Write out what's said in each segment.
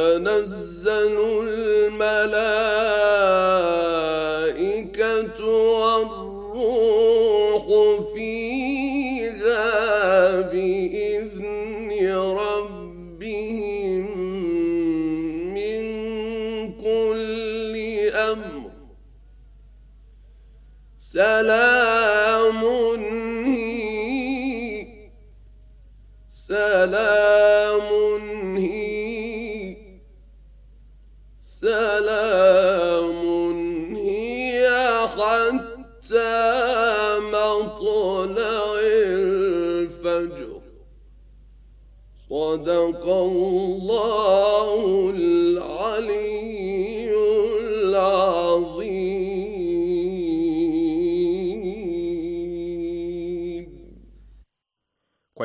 تنزل الملائكة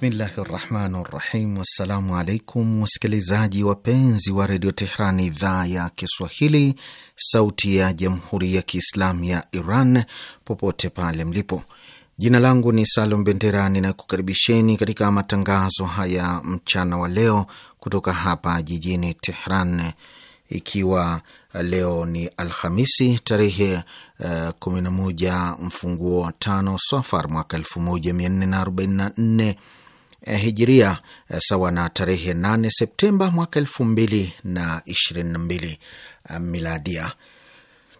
Bismillahi rahmani rahim. Wassalamu alaikum wasikilizaji wapenzi wa redio Tehran, idhaa ya Kiswahili, sauti ya jamhuri ya kiislamu ya Iran, popote pale mlipo. Jina langu ni Salum Bendera, ninakukaribisheni katika matangazo haya mchana wa leo kutoka hapa jijini Tehran, ikiwa leo ni Alhamisi tarehe uh, eh, 11 mfunguo wa tano Safar mwaka Eh, hijiria eh, sawa na tarehe 8 Septemba mwaka elfu mbili na ishirini na mbili eh, miladia.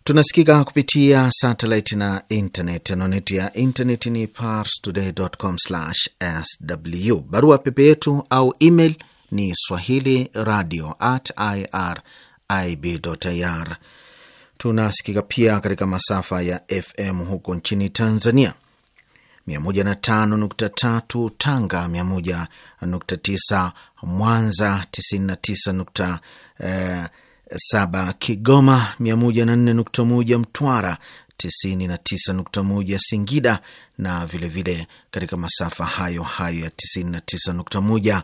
Tunasikika kupitia satellite na internet. Anoneti ya internet ni parstoday.com/sw. Barua pepe yetu au email ni swahili radio at irib.ir. Tunasikika pia katika masafa ya FM huko nchini Tanzania 105.3 Tanga, 101.9 Mwanza, 99.7 eh, Kigoma, 104.1 Mtwara, 99.1 Singida na vilevile vile katika masafa hayo hayo ya 99.1.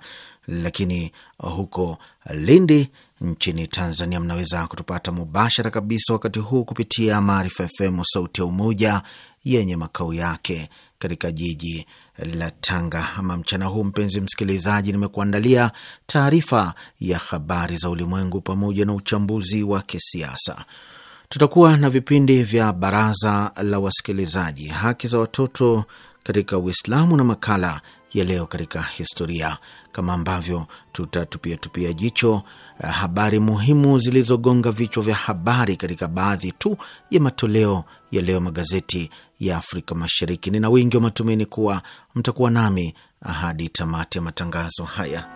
Lakini huko Lindi nchini Tanzania mnaweza kutupata mubashara kabisa wakati huu kupitia Maarifa FM, sauti ya Umoja yenye makao yake katika jiji la Tanga. Ama mchana huu, mpenzi msikilizaji, nimekuandalia taarifa ya habari za ulimwengu pamoja na uchambuzi wa kisiasa. Tutakuwa na vipindi vya baraza la wasikilizaji, haki za watoto katika Uislamu na makala ya leo katika historia, kama ambavyo tutatupia tupia jicho eh, habari muhimu zilizogonga vichwa vya habari katika baadhi tu ya matoleo ya leo magazeti ya Afrika Mashariki. Nina wingi wa matumaini kuwa mtakuwa nami hadi tamati ya matangazo haya.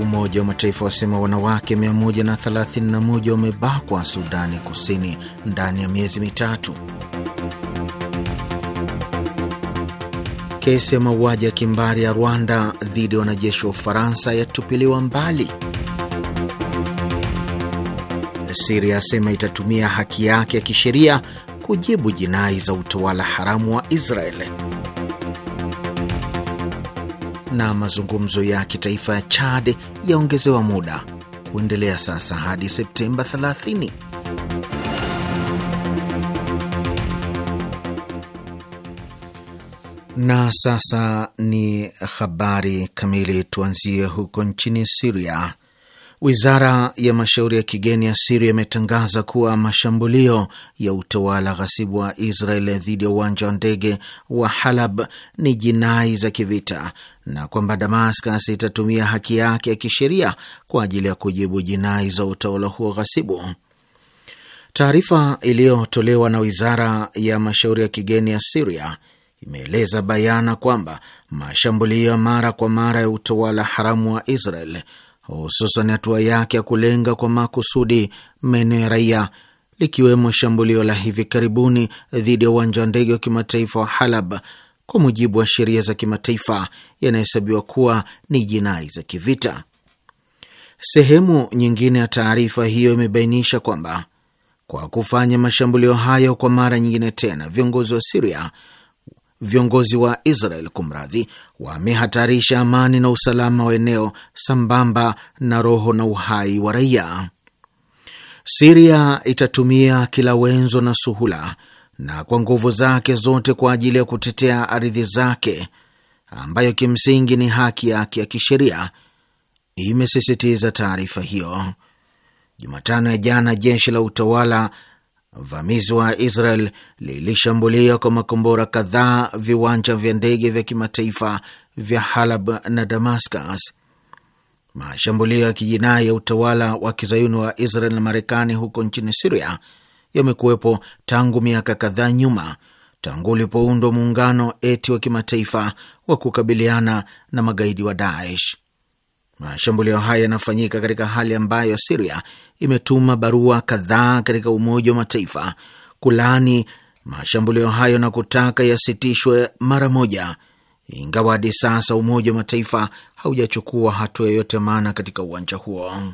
Umoja wa Mataifa wasema wanawake 131 wamebakwa Sudani Kusini ndani ya miezi mitatu. Kesi ya mauaji ya kimbari ya Rwanda dhidi ya wanajeshi wa Ufaransa yatupiliwa mbali. Siria asema itatumia haki yake ya kisheria kujibu jinai za utawala haramu wa Israeli na mazungumzo ya kitaifa ya Chad yaongezewa muda kuendelea sasa hadi Septemba 30. Na sasa ni habari kamili. Tuanzie huko nchini Siria. Wizara ya mashauri ya kigeni ya Siria imetangaza kuwa mashambulio ya utawala ghasibu wa Israel dhidi ya uwanja wa ndege wa Halab ni jinai za kivita na kwamba Damascus itatumia haki yake ya kisheria kwa ajili ya kujibu jinai za utawala huo ghasibu. Taarifa iliyotolewa na wizara ya mashauri ya kigeni ya Siria imeeleza bayana kwamba mashambulio ya mara kwa mara ya utawala haramu wa Israel, hususan hatua yake ya kulenga kwa makusudi maeneo ya raia, likiwemo shambulio la hivi karibuni dhidi ya uwanja wa ndege wa kimataifa wa Halab kwa mujibu wa sheria za kimataifa yanahesabiwa kuwa ni jinai za kivita. Sehemu nyingine ya taarifa hiyo imebainisha kwamba kwa kufanya mashambulio hayo kwa mara nyingine tena, viongozi wa Siria, viongozi wa Israel kumradhi, wamehatarisha amani na usalama wa eneo sambamba na roho na uhai wa raia. Siria itatumia kila wenzo na suhula na kwa nguvu zake zote kwa ajili ya kutetea ardhi zake ambayo kimsingi ni haki yake ya kisheria, imesisitiza taarifa hiyo. Jumatano ya jana, jeshi la utawala vamizi wa Israel lilishambulia kwa makombora kadhaa viwanja vya ndege vya kimataifa vya Halab na Damascus. Mashambulio ya kijinai ya utawala wa kizayuni wa Israel na Marekani huko nchini Siria yamekuwepo tangu miaka kadhaa nyuma, tangu ulipoundwa muungano eti wa kimataifa wa kukabiliana na magaidi wa Daesh. Mashambulio haya yanafanyika katika hali ambayo Siria imetuma barua kadhaa katika Umoja wa Mataifa kulaani mashambulio hayo na kutaka yasitishwe mara moja, ingawa hadi sasa Umoja wa Mataifa haujachukua hatua yoyote maana katika uwanja huo.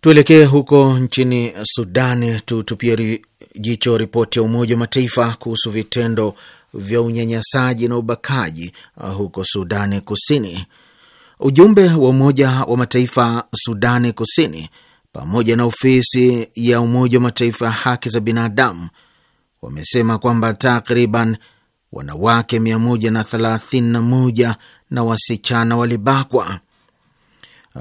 Tuelekee huko nchini Sudani, tutupie jicho ripoti ya Umoja wa Mataifa kuhusu vitendo vya unyanyasaji na ubakaji uh, huko Sudani Kusini. Ujumbe wa Umoja wa Mataifa Sudani Kusini pamoja na ofisi ya Umoja wa Mataifa ya haki za binadamu wamesema kwamba takriban wanawake 131 na wasichana walibakwa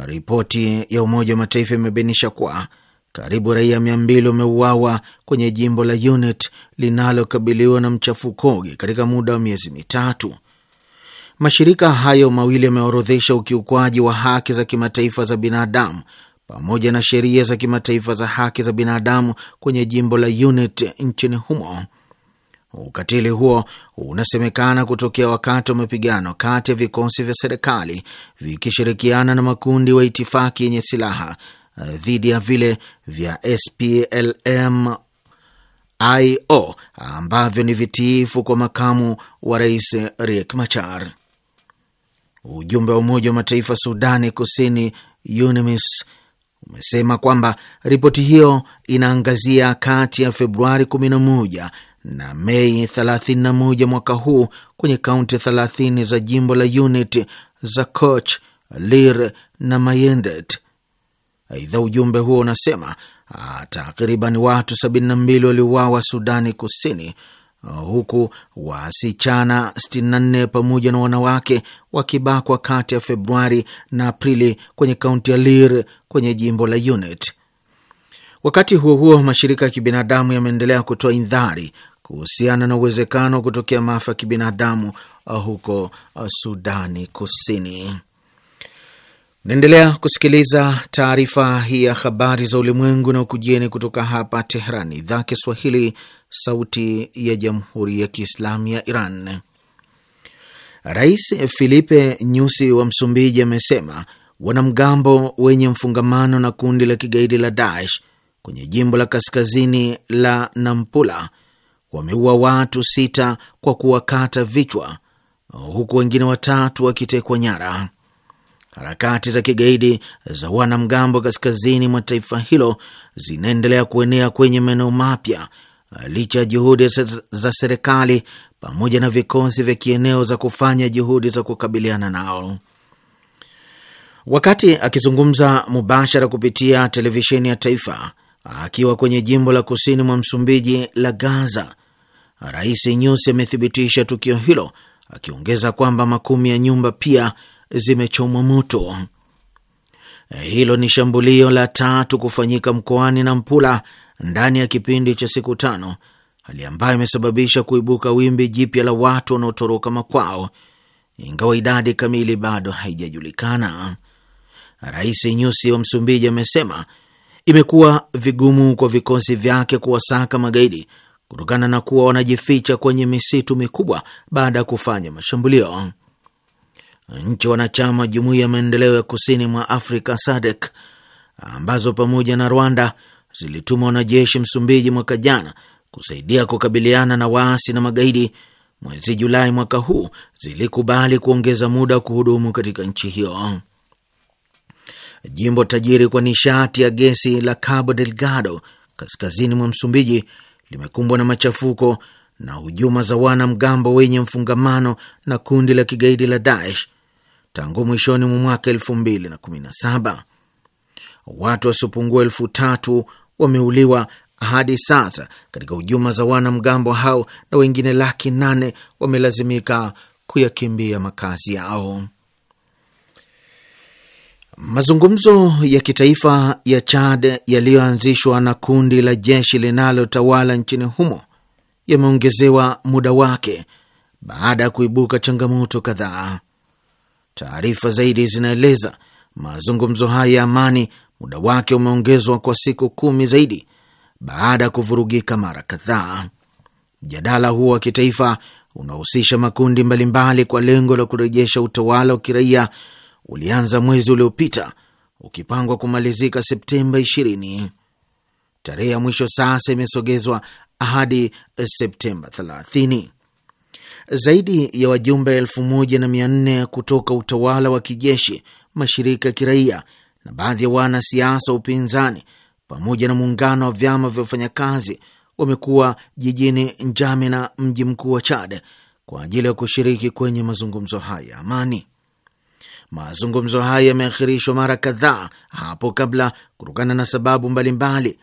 Ripoti ya Umoja wa Mataifa imebainisha kuwa karibu raia mia mbili wameuawa kwenye jimbo la Unit linalokabiliwa na mchafukoge katika muda wa miezi mitatu. Mashirika hayo mawili yameorodhesha ukiukwaji wa haki za kimataifa za binadamu pamoja na sheria za kimataifa za haki za binadamu kwenye jimbo la Unit nchini humo. Ukatili huo unasemekana kutokea wakati wa mapigano kati ya vikosi vya serikali vikishirikiana na makundi wa itifaki yenye silaha eh, dhidi ya vile vya SPLM IO ambavyo ni vitiifu kwa makamu wa rais Riek Machar. Ujumbe wa Umoja wa Mataifa Sudani Kusini, UNMISS, umesema kwamba ripoti hiyo inaangazia kati ya Februari 11 na Mei 31 mwaka huu kwenye kaunti 30 za jimbo la Unit za Koch, Lir na Mayendet. Aidha, ujumbe huo unasema ah, takriban watu 72 waliuawa Sudani Kusini, huku wasichana 64 pamoja na wanawake wakibakwa kati ya Februari na Aprili kwenye kaunti ya Lir kwenye jimbo la Unit. Wakati huo huo, mashirika ya kibinadamu yameendelea kutoa indhari kuhusiana na uwezekano wa kutokea maafa ya kibinadamu uh, huko uh, Sudani Kusini. Naendelea kusikiliza taarifa hii ya habari za ulimwengu na ukujieni kutoka hapa Tehran, idhaa Kiswahili, sauti ya jamhuri ya kiislamu ya Iran. Rais Filipe Nyusi wa Msumbiji amesema wanamgambo wenye mfungamano na kundi la kigaidi la Daesh kwenye jimbo la kaskazini la Nampula wameua watu sita kwa kuwakata vichwa huku wengine watatu wakitekwa nyara. Harakati za kigaidi za wanamgambo kaskazini mwa taifa hilo zinaendelea kuenea kwenye maeneo mapya licha ya juhudi za serikali pamoja na vikosi vya kieneo za kufanya juhudi za kukabiliana nao. Wakati akizungumza mubashara kupitia televisheni ya taifa akiwa kwenye jimbo la kusini mwa Msumbiji la Gaza, Rais Nyusi amethibitisha tukio hilo akiongeza kwamba makumi ya nyumba pia zimechomwa moto. Hilo ni shambulio la tatu kufanyika mkoani Nampula ndani ya kipindi cha siku tano, hali ambayo imesababisha kuibuka wimbi jipya la watu wanaotoroka makwao, ingawa idadi kamili bado haijajulikana. Rais Nyusi wa Msumbiji amesema imekuwa vigumu kwa vikosi vyake kuwasaka magaidi kutokana na kuwa wanajificha kwenye misitu mikubwa baada ya kufanya mashambulio. Nchi wanachama Jumuiya ya Maendeleo ya Kusini mwa Afrika SADC ambazo pamoja na Rwanda zilituma wanajeshi Msumbiji mwaka jana kusaidia kukabiliana na waasi na magaidi, mwezi Julai mwaka huu zilikubali kuongeza muda wa kuhudumu katika nchi hiyo. Jimbo tajiri kwa nishati ya gesi la Cabo Delgado kaskazini mwa Msumbiji limekumbwa na machafuko na hujuma za wanamgambo wenye mfungamano na kundi la kigaidi la Daesh tangu mwishoni mwa mwaka elfu mbili na kumi na saba. Watu wasiopungua elfu tatu wameuliwa hadi sasa katika hujuma za wanamgambo hao na wengine laki nane wamelazimika kuyakimbia makazi yao. Mazungumzo ya kitaifa ya Chad yaliyoanzishwa na kundi la jeshi linalotawala nchini humo yameongezewa muda wake baada ya kuibuka changamoto kadhaa. Taarifa zaidi zinaeleza mazungumzo haya ya amani muda wake umeongezwa kwa siku kumi zaidi baada ya kuvurugika mara kadhaa. Mjadala huo wa kitaifa unahusisha makundi mbalimbali kwa lengo la kurejesha utawala wa kiraia ulianza mwezi uliopita ukipangwa kumalizika Septemba 20. Tarehe ya mwisho sasa imesogezwa hadi Septemba 30. Zaidi ya wajumbe 1400 kutoka utawala wa kijeshi, mashirika ya kiraia na baadhi ya wanasiasa wa upinzani pamoja na muungano wa vyama vya wafanyakazi wamekuwa jijini Njamena, mji mkuu wa Chad, kwa ajili ya kushiriki kwenye mazungumzo haya ya amani. Mazungumzo hayo yameakhirishwa mara kadhaa hapo kabla kutokana na sababu mbalimbali,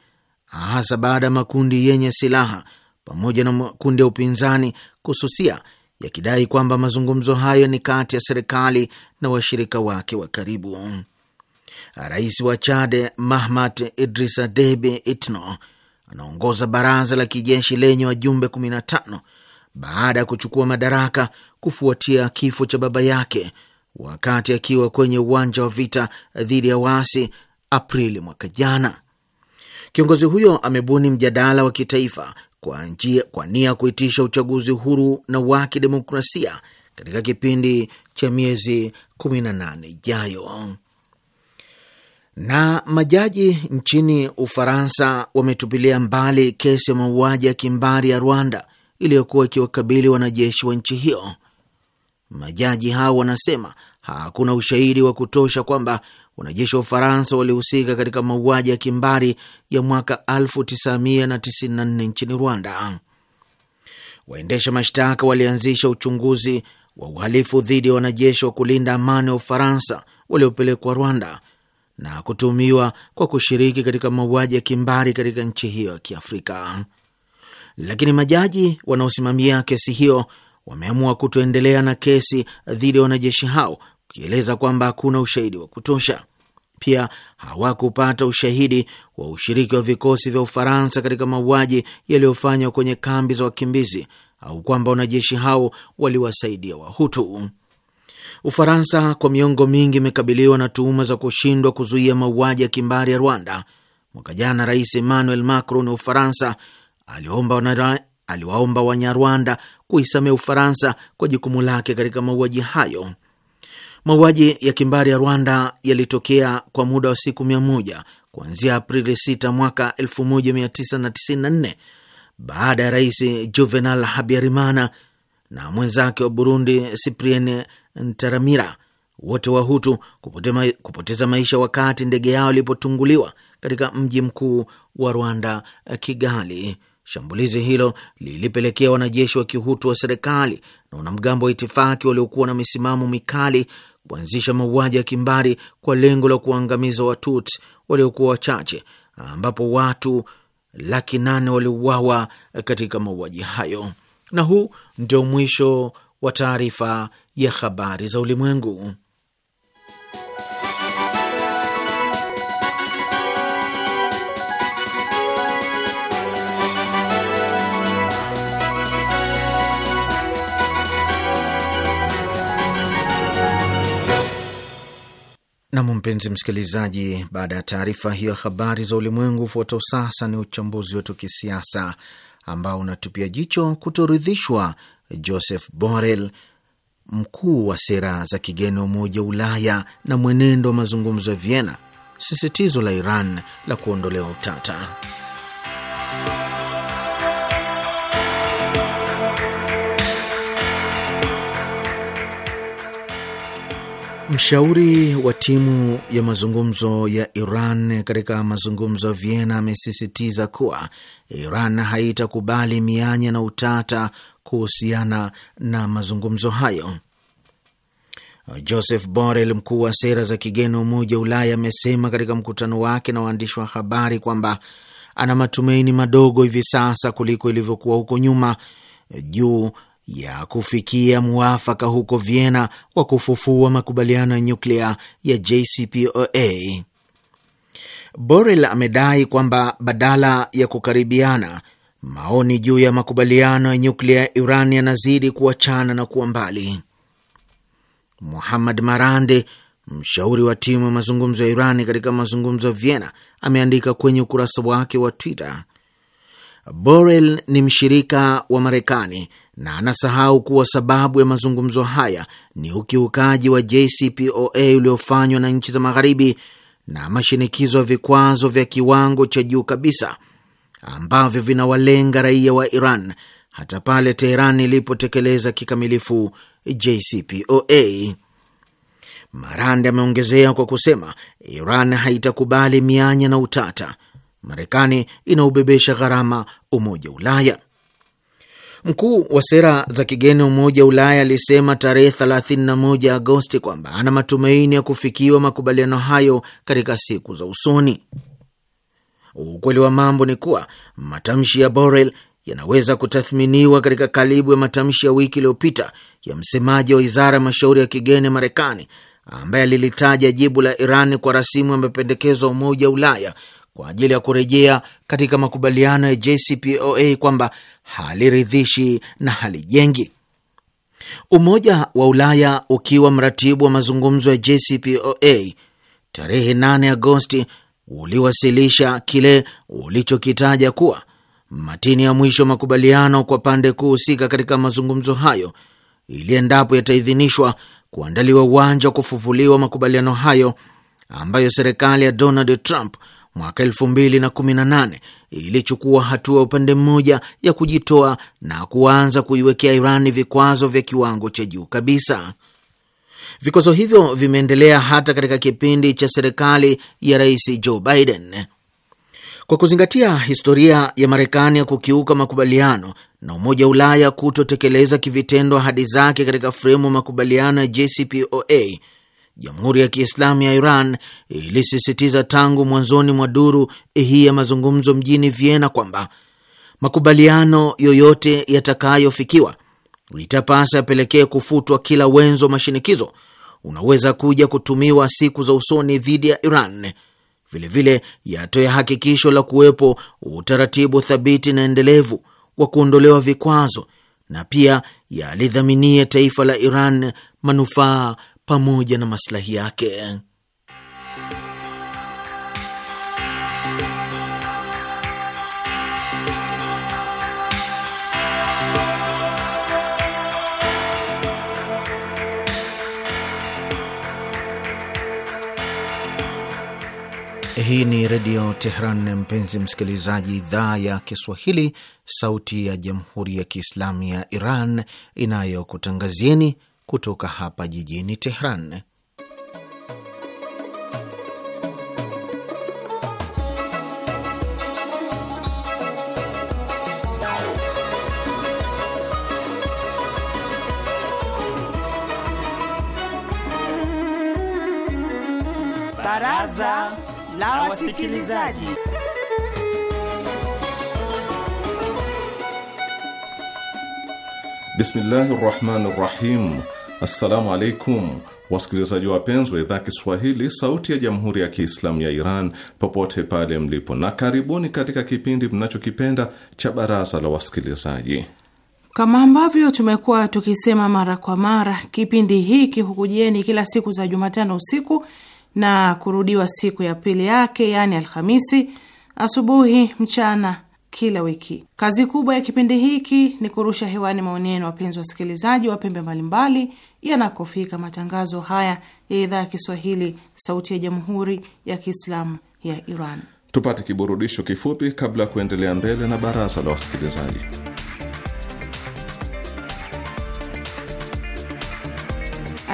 hasa baada ya makundi yenye silaha pamoja na makundi ya upinzani kususia, yakidai kwamba mazungumzo hayo ni kati ya serikali na washirika wake wa karibu. Rais wa chade Mahamat Idrisa Debi Itno anaongoza baraza la kijeshi lenye wajumbe 15 baada ya kuchukua madaraka kufuatia kifo cha baba yake wakati akiwa kwenye uwanja wa vita dhidi ya waasi Aprili mwaka jana. Kiongozi huyo amebuni mjadala wa kitaifa kwa njia, kwa nia kuitisha uchaguzi huru na wa kidemokrasia katika kipindi cha miezi 18 ijayo. Na majaji nchini Ufaransa wametupilia mbali kesi ya mauaji ya kimbari ya Rwanda iliyokuwa ikiwakabili wanajeshi wa nchi hiyo. Majaji hao wanasema hakuna ushahidi wa kutosha kwamba wanajeshi wa Ufaransa walihusika katika mauaji ya kimbari ya mwaka 1994 nchini Rwanda. Waendesha mashtaka walianzisha uchunguzi wa uhalifu dhidi ya wanajeshi wa kulinda amani wa Ufaransa waliopelekwa Rwanda na kutumiwa kwa kushiriki katika mauaji ya kimbari katika nchi hiyo ya Kiafrika, lakini majaji wanaosimamia kesi hiyo wameamua kutoendelea na kesi dhidi ya wanajeshi hao, ukieleza kwamba hakuna ushahidi wa kutosha. Pia hawakupata ushahidi wa ushiriki wa vikosi vya Ufaransa katika mauaji yaliyofanywa kwenye kambi za wakimbizi au kwamba wanajeshi hao waliwasaidia Wahutu. Ufaransa kwa miongo mingi imekabiliwa na tuhuma za kushindwa kuzuia mauaji ya kimbari ya Rwanda. Mwaka jana Rais Emmanuel Macron wa Ufaransa aliomba aliwaomba Wanyarwanda kuisamehe Ufaransa kwa jukumu lake katika mauaji hayo. Mauaji ya kimbari ya Rwanda yalitokea kwa muda wa siku mia moja kuanzia Aprili 6 mwaka 1994 baada ya Rais Juvenal Habyarimana na mwenzake wa Burundi Cyprien Ntaramira, wote wa hutu kupoteza maisha wakati ndege yao ilipotunguliwa katika mji mkuu wa Rwanda, Kigali. Shambulizi hilo lilipelekea wanajeshi wa kihutu wa serikali na wanamgambo wa itifaki waliokuwa na misimamo mikali kuanzisha mauaji ya kimbari kwa lengo la kuangamiza Watutsi waliokuwa wachache, ambapo watu laki nane waliuawa katika mauaji hayo. Na huu ndio mwisho wa taarifa ya habari za ulimwengu. Nam, mpenzi msikilizaji, baada ya taarifa hiyo ya habari za ulimwengu, ufuatao sasa ni uchambuzi wetu wa kisiasa ambao unatupia jicho kutoridhishwa Joseph Borrell, mkuu wa sera za kigeni wa Umoja wa Ulaya, na mwenendo wa mazungumzo ya Vienna, sisitizo la Iran la kuondolewa utata Mshauri wa timu ya mazungumzo ya Iran katika mazungumzo ya Vienna amesisitiza kuwa Iran haitakubali mianya na utata kuhusiana na mazungumzo hayo. Joseph Borrell, mkuu wa sera za kigeni wa Umoja wa Ulaya, amesema katika mkutano wake na waandishi wa habari kwamba ana matumaini madogo hivi sasa kuliko ilivyokuwa huko nyuma juu ya kufikia mwafaka huko Vienna wa kufufua makubaliano ya nyuklia ya JCPOA. Borel amedai kwamba badala ya kukaribiana, maoni juu ya makubaliano ya nyuklia ya Iran yanazidi kuachana na kuwa mbali. Muhammad Marande, mshauri wa timu ya mazungumzo ya iran katika mazungumzo ya Vienna, ameandika kwenye ukurasa wake wa Twitter, Borel ni mshirika wa Marekani na anasahau kuwa sababu ya mazungumzo haya ni ukiukaji wa JCPOA uliofanywa na nchi za Magharibi na mashinikizo ya vikwazo vya kiwango cha juu kabisa ambavyo vinawalenga raia wa Iran hata pale Teheran ilipotekeleza kikamilifu JCPOA. Marande ameongezea kwa kusema Iran haitakubali mianya na utata. Marekani inaubebesha gharama Umoja wa Ulaya. Mkuu wa sera za kigeni Umoja wa Ulaya alisema tarehe 31 Agosti kwamba ana matumaini ya kufikiwa makubaliano hayo katika siku za usoni. Ukweli wa mambo ni kuwa matamshi ya Borrell yanaweza kutathminiwa katika kalibu ya matamshi ya wiki iliyopita ya msemaji wa wizara ya mashauri ya kigeni ya Marekani ambaye alilitaja jibu la Iran kwa rasimu ya mapendekezo ya Umoja wa Ulaya kwa ajili ya kurejea katika makubaliano ya JCPOA kwamba haliridhishi na halijengi. Umoja wa Ulaya ukiwa mratibu wa mazungumzo ya JCPOA tarehe 8 Agosti uliwasilisha kile ulichokitaja kuwa matini ya mwisho makubaliano kwa pande kuhusika katika mazungumzo hayo, ili endapo yataidhinishwa kuandaliwa uwanja wa kufufuliwa makubaliano hayo ambayo serikali ya Donald Trump mwaka nane ilichukua hatua upande mmoja ya kujitoa na kuanza kuiwekea Iran vikwazo vya kiwango cha juu kabisa. Vikwazo hivyo vimeendelea hata katika kipindi cha serikali ya Rais Joe Biden. Kwa kuzingatia historia ya Marekani ya kukiuka makubaliano na Umoja wa Ulaya kutotekeleza kivitendo ahadi zake katika fremu makubaliano ya JCPOA Jamhuri ya Kiislamu ya Iran ilisisitiza tangu mwanzoni mwa duru hii ya mazungumzo mjini Vienna kwamba makubaliano yoyote yatakayofikiwa itapasa yapelekee kufutwa kila wenzo mashinikizo unaweza kuja kutumiwa siku za usoni dhidi ya Iran. Vilevile yatoe hakikisho la kuwepo utaratibu thabiti na endelevu wa kuondolewa vikwazo na pia yalidhaminie taifa la Iran manufaa pamoja na maslahi yake. Hii ni Redio Tehran, mpenzi msikilizaji. Idhaa ya Kiswahili, sauti ya Jamhuri ya Kiislamu ya Iran inayokutangazieni kutoka hapa jijini Tehran. Baraza la Wasikilizaji. Bismillahi rahmani rahim. Assalamu alaikum wasikilizaji wapenzi wa idhaa Kiswahili sauti ya jamhuri ya Kiislamu ya Iran popote pale mlipo, na karibuni katika kipindi mnachokipenda cha baraza la wasikilizaji. Kama ambavyo tumekuwa tukisema mara kwa mara, kipindi hiki hukujieni kila siku za Jumatano usiku na kurudiwa siku ya pili yake, yaani Alhamisi asubuhi, mchana kila wiki. Kazi kubwa ya kipindi hiki ni kurusha hewani maoni yenu, wapenzi wasikilizaji wa pembe mbalimbali yanakofika matangazo haya ya idhaa ya Kiswahili, Sauti ya Jamhuri ya Kiislamu ya Iran. Tupate kiburudisho kifupi kabla ya kuendelea mbele na baraza la wasikilizaji.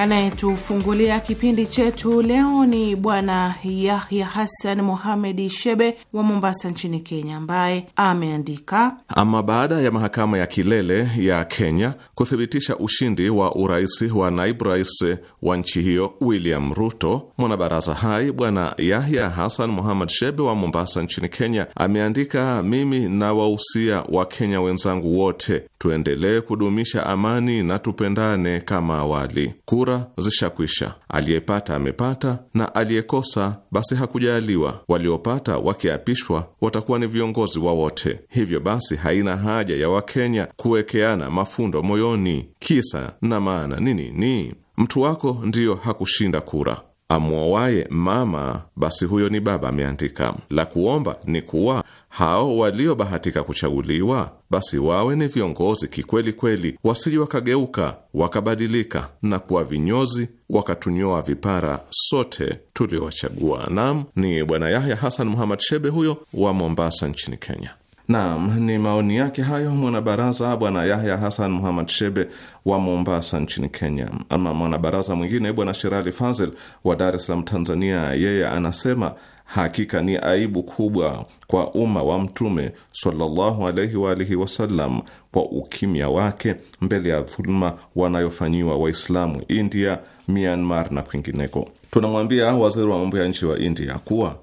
Anayetufungulia kipindi chetu leo ni Bwana Yahya Hassan muhamedi Shebe wa Mombasa nchini Kenya, ambaye ameandika: ama baada ya mahakama ya kilele ya Kenya kuthibitisha ushindi wa urais wa naibu rais wa nchi hiyo William Ruto, mwanabaraza hai Bwana Yahya Hassan Mohamed Shebe wa Mombasa nchini Kenya ameandika: mimi nawausia Wakenya wenzangu wote tuendelee kudumisha amani na tupendane kama awali Kura kura zishakwisha. Aliyepata amepata, na aliyekosa basi hakujaaliwa. Waliopata wakiapishwa watakuwa ni viongozi wawote Hivyo basi haina haja ya Wakenya kuwekeana mafundo moyoni. Kisa na maana ni nini? Mtu wako ndiyo hakushinda kura amwowaye mama basi huyo ni baba, ameandika. La kuomba ni kuwa hao waliobahatika kuchaguliwa basi wawe ni viongozi kikweli kweli, wasije wakageuka wakabadilika na kuwa vinyozi wakatunyoa vipara sote tuliowachagua. Naam, ni Bwana Yahya Hasan Muhammad Shebe huyo wa Mombasa nchini Kenya. Naam, ni maoni yake hayo mwanabaraza Bwana Yahya Hasan Muhamad Shebe wa Mombasa nchini Kenya. Ama mwanabaraza mwingine Bwana Sherali Fazel wa Dar es Salaam, Tanzania, yeye anasema hakika ni aibu kubwa kwa umma wa Mtume sallallahu alaihi wa alihi wasallam kwa ukimya wake mbele ya dhuluma wanayofanyiwa Waislamu India, Myanmar na kwingineko. Tunamwambia waziri wa mambo ya nchi wa India kuwa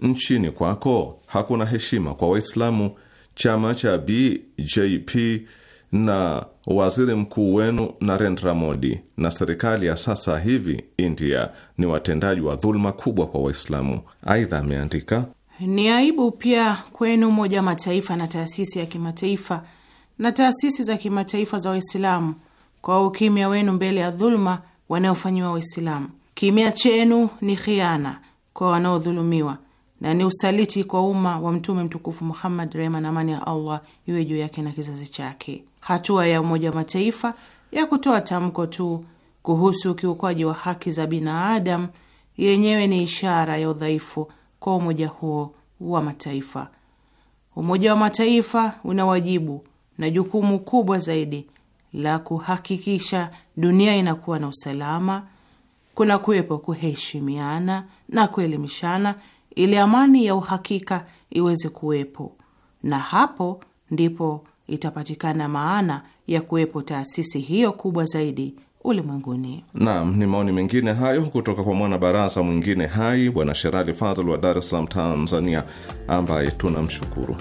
nchini kwako hakuna heshima kwa Waislamu chama cha BJP na waziri mkuu wenu Narendra Modi na serikali ya sasa hivi India ni watendaji wa dhuluma kubwa kwa Waislamu. Aidha ameandika ni aibu pia kwenu Umoja Mataifa na taasisi ya kimataifa na taasisi za kimataifa za Waislamu kwa ukimya wenu mbele ya dhuluma wanaofanyiwa Waislamu. Kimya chenu ni khiana kwa wanaodhulumiwa na ni usaliti kwa umma wa Mtume mtukufu Muhammad, rehma na amani ya Allah iwe juu yake na kizazi chake. Hatua ya Umoja wa Mataifa ya kutoa tamko tu kuhusu ukiukwaji wa haki za binadamu yenyewe ni ishara ya udhaifu kwa umoja huo wa mataifa. Umoja wa Mataifa una wajibu na jukumu kubwa zaidi la kuhakikisha dunia inakuwa na usalama, kuna kuwepo kuheshimiana na kuelimishana ili amani ya uhakika iweze kuwepo, na hapo ndipo itapatikana maana ya kuwepo taasisi hiyo kubwa zaidi ulimwenguni. Naam, ni maoni mengine hayo kutoka kwa mwanabaraza mwingine hai Bwana Sherali Fadhl wa Dar es Salaam, Tanzania, ambaye tunamshukuru.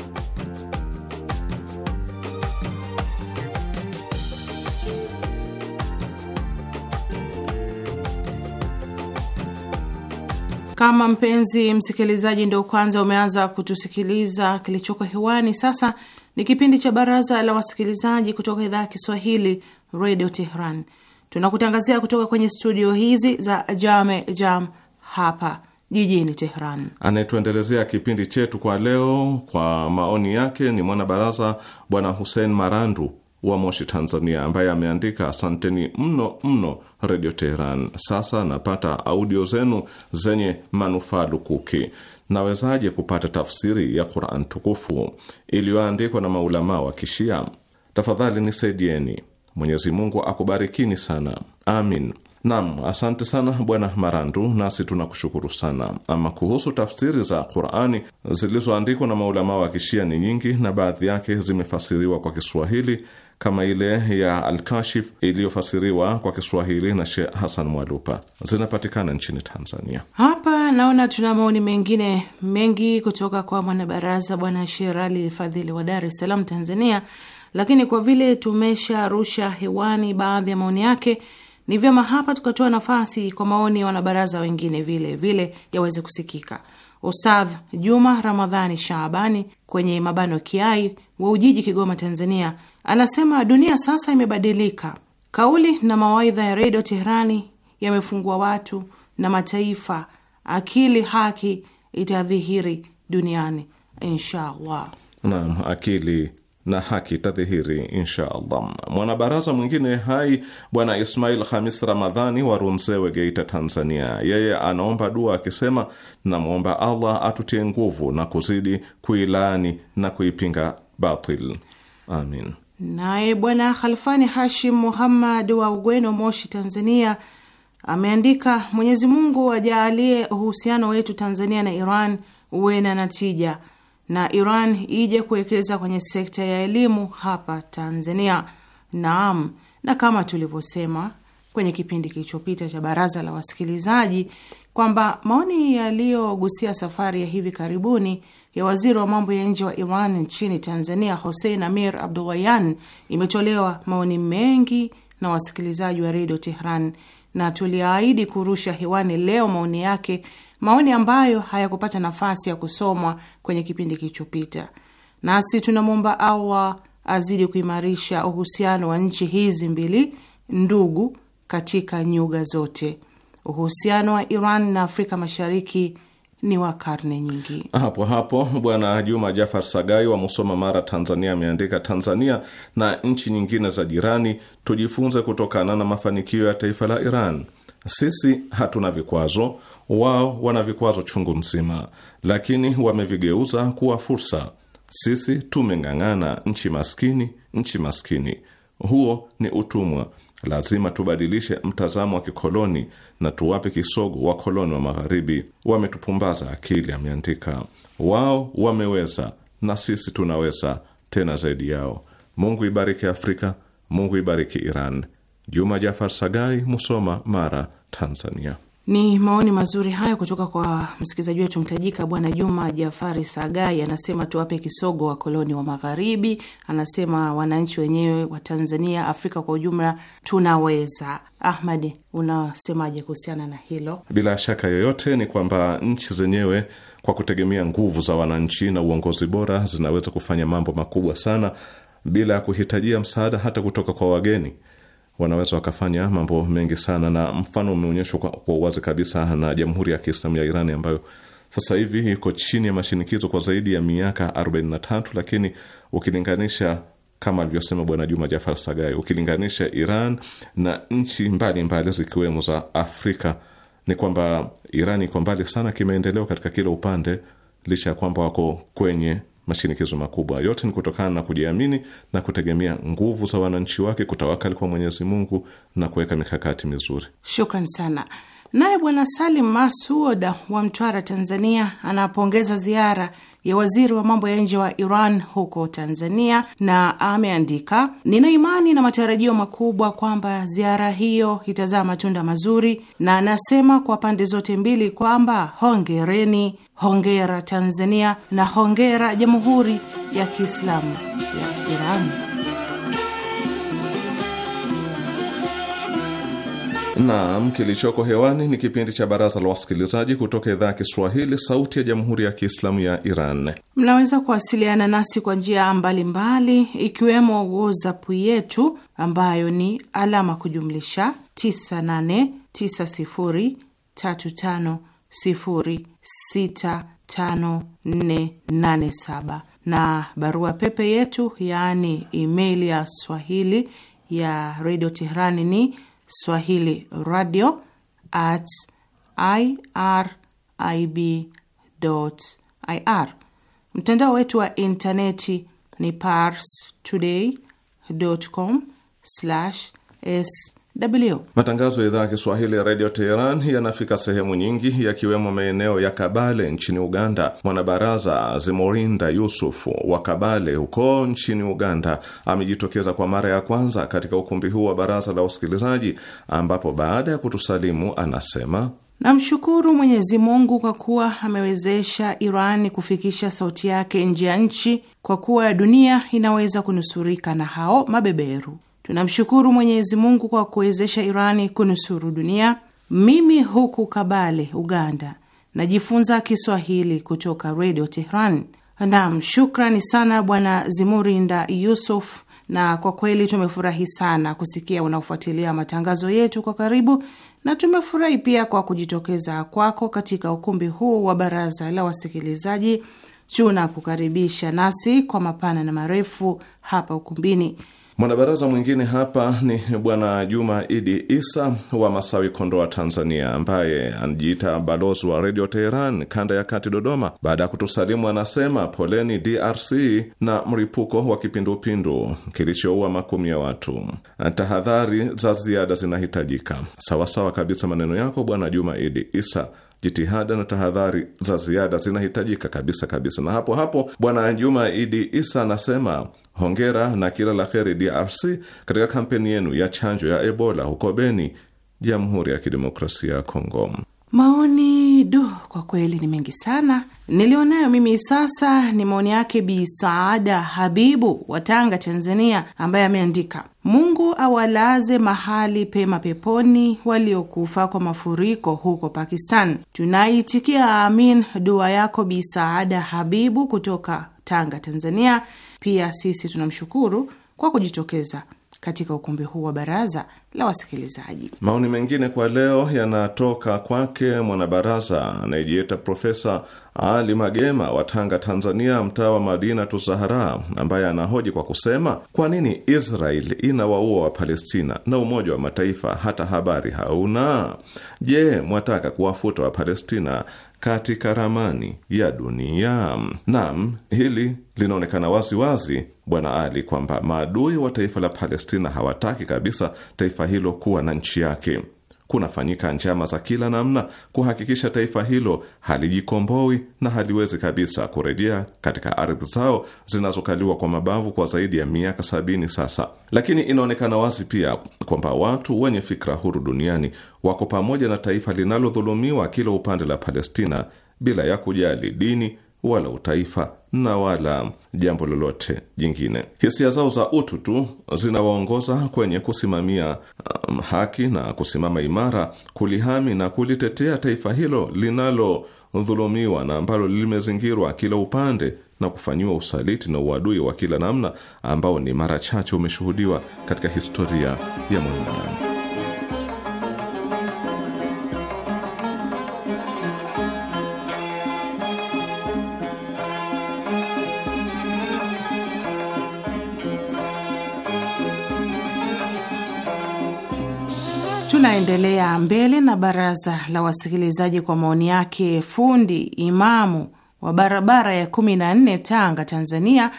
Kama mpenzi msikilizaji ndio kwanza umeanza kutusikiliza, kilichoko hewani sasa ni kipindi cha Baraza la Wasikilizaji kutoka idhaa ya Kiswahili Radio Tehran. Tunakutangazia kutoka kwenye studio hizi za Jame Jam hapa jijini Tehran. Anayetuendelezea kipindi chetu kwa leo kwa maoni yake ni mwanabaraza Bwana Hussein Marandu wa Moshi, Tanzania, ambaye ameandika asanteni mno mno Redio Teheran. Sasa napata audio zenu zenye manufaa lukuki. Nawezaje kupata tafsiri ya Quran tukufu iliyoandikwa na maulamaa wa Kishia? Tafadhali nisaidieni. Mwenyezi Mungu akubarikini sana, amin. Nam, asante sana Bwana Marandu, nasi tunakushukuru sana. Ama kuhusu tafsiri za Qurani zilizoandikwa na maulamaa wa Kishia ni nyingi, na baadhi yake zimefasiriwa kwa Kiswahili kama ile ya Alkashif iliyofasiriwa kwa Kiswahili na sheh hasan Mwalupa zinapatikana nchini Tanzania. Hapa naona tuna maoni mengine mengi kutoka kwa mwanabaraza Bwana Sherali Fadhili wa Dar es Salaam, Tanzania, lakini kwa vile tumesharusha hewani baadhi ya maoni yake ni vyema hapa tukatoa nafasi kwa maoni ya wanabaraza wengine vile vile yaweze kusikika. Ustadh Juma Ramadhani Shaabani kwenye mabano Kiai wa Ujiji, Kigoma, Tanzania, Anasema dunia sasa imebadilika. Kauli na mawaidha ya redio Teherani yamefungua watu na mataifa, akili haki itadhihiri duniani inshallah. Naam, akili na haki tadhihiri insha Mwanabaraza mwingine hai Bwana Ismail Hamis Ramadhani wa Runzewe, Geita, Tanzania, yeye anaomba dua akisema, namwomba Allah atutie nguvu na kuzidi kuilaani na kuipinga batil, amin. Naye bwana Khalfani Hashim Muhammad wa Ugweno, Moshi, Tanzania, ameandika Mwenyezi Mungu ajaalie uhusiano wetu Tanzania na Iran uwe na natija na Iran ije kuwekeza kwenye sekta ya elimu hapa Tanzania. Naam, na kama tulivyosema kwenye kipindi kilichopita cha baraza la wasikilizaji kwamba maoni yaliyogusia safari ya hivi karibuni ya waziri wa mambo ya nje wa Iran nchini Tanzania, Hussein Amir Abdullayan, imetolewa maoni mengi na wasikilizaji wa redio Tehran, na tuliahidi kurusha hewani leo maoni yake, maoni ambayo hayakupata nafasi ya kusomwa kwenye kipindi kilichopita. Nasi tunamwomba awa azidi kuimarisha uhusiano wa nchi hizi mbili ndugu katika nyuga zote. Uhusiano wa Iran na Afrika Mashariki ni wa karne nyingi. Hapo hapo Bwana Juma Jafar Sagai wa Musoma, Mara, Tanzania ameandika, Tanzania na nchi nyingine za jirani tujifunze kutokana na mafanikio ya taifa la Iran. Sisi hatuna vikwazo, wao wana vikwazo chungu mzima, lakini wamevigeuza kuwa fursa. Sisi tumeng'ang'ana, nchi maskini, nchi maskini. Huo ni utumwa Lazima tubadilishe mtazamo wa kikoloni na tuwape kisogo wakoloni wa Magharibi. Wametupumbaza akili, ameandika. Wao wameweza na sisi tunaweza tena zaidi yao. Mungu ibariki Afrika, Mungu ibariki Iran. Juma Jafar Sagai, Musoma, Mara, Tanzania. Ni maoni mazuri hayo kutoka kwa msikilizaji wetu mtajika Bwana Juma Jafari Sagai, anasema tuwape kisogo wakoloni wa Magharibi. Anasema wananchi wenyewe wa Tanzania, Afrika kwa ujumla, tunaweza. Ahmad, unasemaje kuhusiana na hilo? Bila shaka yoyote ni kwamba nchi zenyewe kwa kutegemea nguvu za wananchi na uongozi bora zinaweza kufanya mambo makubwa sana bila ya kuhitajia msaada hata kutoka kwa wageni wanaweza wakafanya mambo mengi sana, na mfano umeonyeshwa kwa uwazi kabisa na Jamhuri ya Kiislamu ya Irani ambayo sasa hivi iko chini ya mashinikizo kwa zaidi ya miaka 43, lakini ukilinganisha kama alivyosema Bwana Juma Jafar Sagai, ukilinganisha Iran na nchi mbalimbali zikiwemo za Afrika ni kwamba Iran iko mbali sana kimaendeleo katika kila upande, licha ya kwamba wako kwenye Mashinikizo makubwa yote ni kutokana na kujiamini na kutegemea nguvu za wananchi wake, kutawakali kwa Mwenyezi Mungu na kuweka mikakati mizuri. Shukran sana. Naye Bwana Salim Masuoda wa Mtwara, Tanzania, anapongeza ziara ya waziri wa mambo ya nje wa Iran huko Tanzania na ameandika, nina imani na matarajio makubwa kwamba ziara hiyo itazaa matunda mazuri, na anasema kwa pande zote mbili kwamba hongereni Hongera Tanzania na hongera Jamhuri ya Kiislamu ya Iran. Naam, kilichoko hewani ni kipindi cha Baraza la Wasikilizaji kutoka idhaa ya Kiswahili, Sauti ya Jamhuri ya Kiislamu ya Iran. Mnaweza kuwasiliana nasi kwa njia mbalimbali, ikiwemo WhatsApp yetu ambayo ni alama kujumlisha 989035 065487 na barua pepe yetu yaani email ya Swahili ya Radio Teherani ni swahili radio at irib.ir. Mtandao wetu wa intaneti ni pars today com slash s w. Matangazo ya idhaa ya Kiswahili ya redio Teheran yanafika sehemu nyingi, yakiwemo maeneo ya Kabale nchini Uganda. Mwanabaraza Zimorinda Yusufu wa Kabale huko nchini Uganda amejitokeza kwa mara ya kwanza katika ukumbi huu wa baraza la usikilizaji ambapo baada ya kutusalimu anasema Namshukuru Mwenyezi Mungu kwa kuwa amewezesha Irani kufikisha sauti yake nje ya nchi, kwa kuwa dunia inaweza kunusurika na hao mabeberu. Tunamshukuru Mwenyezi Mungu kwa kuwezesha Irani kunusuru dunia. Mimi huku Kabale, Uganda, najifunza Kiswahili kutoka Redio Tehran. Naam, shukrani sana Bwana Zimurinda Yusuf, na kwa kweli tumefurahi sana kusikia unaofuatilia matangazo yetu kwa karibu, na tumefurahi pia kwa kujitokeza kwako katika ukumbi huu wa baraza la wasikilizaji. Tunakukaribisha nasi kwa mapana na marefu hapa ukumbini. Mwanabaraza mwingine hapa ni Bwana Juma Idi Isa wa Masawi, Kondoa, Tanzania, ambaye anajiita balozi wa Redio Teheran kanda ya kati, Dodoma. Baada ya kutusalimu, anasema poleni DRC na mripuko wa kipindupindu kilichoua makumi ya watu, tahadhari za ziada zinahitajika. Sawasawa kabisa maneno yako Bwana Juma Idi Isa jitihada na tahadhari za ziada zinahitajika kabisa kabisa. Na hapo hapo Bwana Juma Idi Isa anasema hongera na kila la heri DRC katika kampeni yenu ya chanjo ya Ebola huko Beni, Jamhuri ya Kidemokrasia ya Kongo. Maoni du, kwa kweli ni mengi sana nilionayo mimi sasa ni maoni yake Bi Saada Habibu wa Tanga, Tanzania, ambaye ameandika Mungu awalaze mahali pema peponi waliokufa kwa mafuriko huko Pakistan. Tunaitikia amin dua yako Bi Saada Habibu kutoka Tanga, Tanzania. Pia sisi tunamshukuru kwa kujitokeza katika ukumbi huu wa baraza la wasikilizaji. Maoni mengine kwa leo yanatoka kwake mwanabaraza anayejiita Profesa Ali Magema wa Tanga, Tanzania, mtaa wa Madina Tuzahara, ambaye anahoji kwa kusema, kwa nini Israel inawaua Wapalestina na Umoja wa Mataifa hata habari hauna? Je, mwataka kuwafuta Wapalestina katika ramani ya dunia. Naam, hili linaonekana wazi wazi, Bwana Ali, kwamba maadui wa taifa la Palestina hawataki kabisa taifa hilo kuwa na nchi yake kunafanyika njama za kila namna kuhakikisha taifa hilo halijikomboi na haliwezi kabisa kurejea katika ardhi zao zinazokaliwa kwa mabavu kwa zaidi ya miaka sabini sasa. Lakini inaonekana wazi pia kwamba watu wenye fikra huru duniani wako pamoja na taifa linalodhulumiwa kila upande la Palestina bila ya kujali dini wala utaifa na wala jambo lolote jingine. Hisia zao za utu tu zinawaongoza kwenye kusimamia um, haki na kusimama imara kulihami na kulitetea taifa hilo linalodhulumiwa na ambalo limezingirwa kila upande na kufanyiwa usaliti na uadui wa kila namna ambao ni mara chache umeshuhudiwa katika historia ya mwanadamu. Tunaendelea mbele na baraza la wasikilizaji kwa maoni yake fundi imamu wa barabara ya 14 Tanga, Tanzania,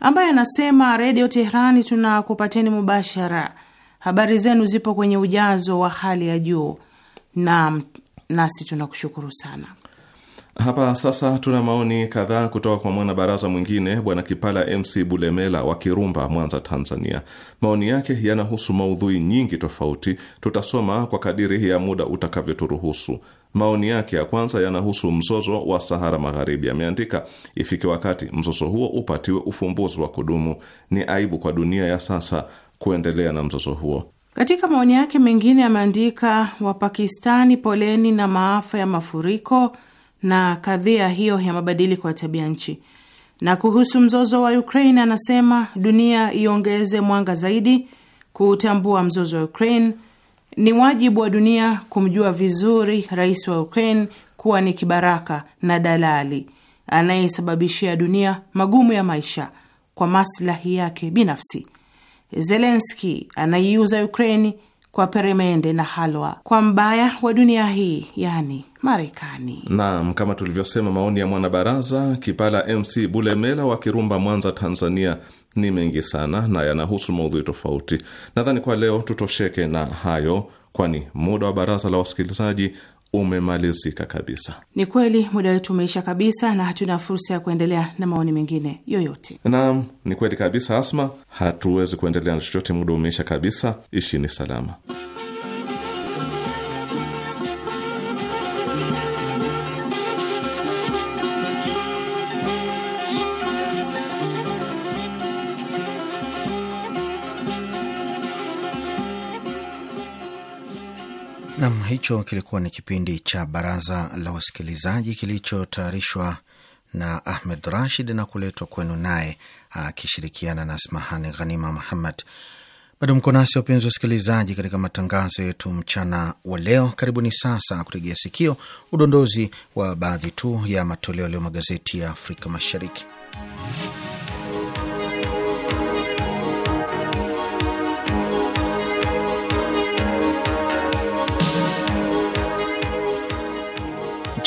ambaye anasema Redio Teherani tunakupateni mubashara, habari zenu zipo kwenye ujazo wa hali ya juu. Naam, nasi tunakushukuru sana. Hapa sasa tuna maoni kadhaa kutoka kwa mwanabaraza mwingine bwana Kipala MC Bulemela wa Kirumba, Mwanza, Tanzania. Maoni yake yanahusu maudhui nyingi tofauti, tutasoma kwa kadiri ya muda utakavyoturuhusu. Maoni yake ya kwanza yanahusu mzozo wa Sahara Magharibi. Ameandika, ifike wakati mzozo huo upatiwe ufumbuzi wa kudumu. Ni aibu kwa dunia ya sasa kuendelea na mzozo huo. Katika maoni yake mengine ameandika, Wapakistani poleni na maafa ya mafuriko na kadhia hiyo ya mabadiliko ya tabia nchi. Na kuhusu mzozo wa Ukraine anasema dunia iongeze mwanga zaidi kuutambua mzozo wa Ukraine. Ni wajibu wa dunia kumjua vizuri rais wa Ukraine kuwa ni kibaraka na dalali anayesababishia dunia magumu ya maisha kwa maslahi yake binafsi. Zelenski anaiuza Ukraini kwa peremende na halwa kwa mbaya wa dunia hii, yani Marekani. Naam, kama tulivyosema, maoni ya mwanabaraza Kipala MC Bulemela wa Kirumba, Mwanza, Tanzania ni mengi sana na yanahusu maudhui tofauti. Nadhani kwa leo tutosheke na hayo, kwani muda wa baraza la wasikilizaji umemalizika kabisa. Ni kweli muda wetu umeisha kabisa, na hatuna fursa ya kuendelea na maoni mengine yoyote. Naam, ni kweli kabisa Asma, hatuwezi kuendelea na chochote, muda umeisha kabisa. Ishini salama. Nam, hicho kilikuwa ni kipindi cha baraza la wasikilizaji kilichotayarishwa na Ahmed Rashid na kuletwa kwenu naye akishirikiana na Smahani Ghanima Muhammad. Bado mko nasi wapenzi wasikilizaji, katika matangazo yetu mchana wa leo. Karibuni sasa kutegea sikio udondozi wa baadhi tu ya matoleo leo magazeti ya Afrika Mashariki.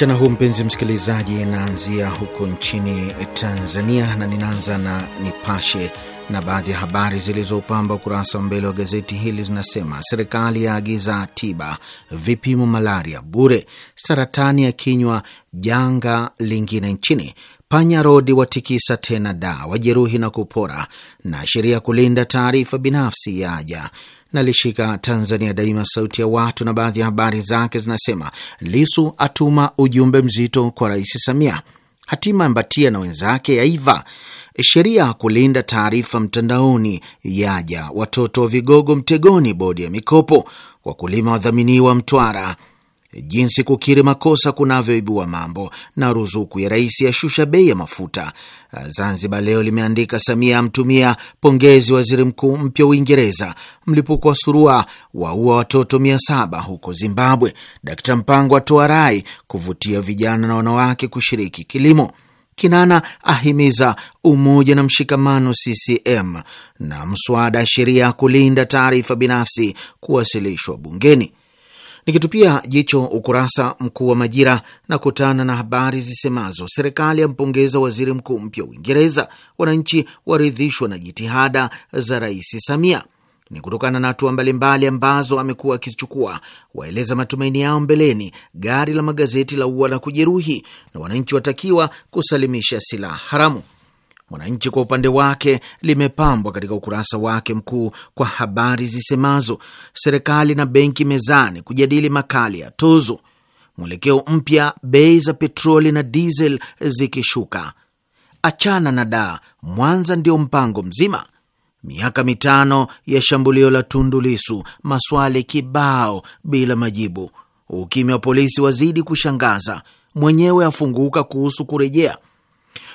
mchana huu, mpenzi msikilizaji, naanzia huko nchini Tanzania na ninaanza na Nipashe na baadhi ya habari zilizopamba ukurasa wa mbele wa gazeti hili zinasema: serikali yaagiza tiba, vipimo malaria bure, saratani ya kinywa janga lingine nchini, panya rodi watikisa tena da wajeruhi na kupora, na sheria kulinda taarifa binafsi yaja nalishika Tanzania Daima, sauti ya watu, na baadhi ya habari zake zinasema: Lisu atuma ujumbe mzito kwa Rais Samia, hatima Mbatia na wenzake yaiva, sheria ya kulinda taarifa mtandaoni yaja, watoto wa vigogo mtegoni, bodi ya mikopo, wakulima wadhaminiwa Mtwara jinsi kukiri makosa kunavyoibua mambo, na ruzuku ya rais yashusha bei ya mafuta. Zanzibar Leo limeandika Samia amtumia pongezi waziri mkuu mpya Uingereza, mlipuko wa surua waua watoto mia saba huko Zimbabwe, Dkt Mpango atoa rai kuvutia vijana na wanawake kushiriki kilimo, Kinana ahimiza umoja na mshikamano CCM, na mswada sheria ya kulinda taarifa binafsi kuwasilishwa bungeni. Nikitupia jicho ukurasa mkuu wa Majira na kutana na habari zisemazo serikali yampongeza waziri mkuu mpya wa Uingereza, wananchi waridhishwa na jitihada za Rais Samia ni kutokana na hatua mbalimbali ambazo amekuwa akizichukua, waeleza matumaini yao mbeleni. Gari la magazeti la ua la kujeruhi, na wananchi watakiwa kusalimisha silaha haramu. Mwananchi kwa upande wake limepambwa katika ukurasa wake mkuu kwa habari zisemazo serikali na benki mezani kujadili makali ya tozo, mwelekeo mpya, bei za petroli na dizeli zikishuka, achana na daa, Mwanza ndio mpango mzima, miaka mitano ya shambulio la Tundu Lissu, maswali kibao bila majibu, ukimya wa polisi wazidi kushangaza, mwenyewe afunguka kuhusu kurejea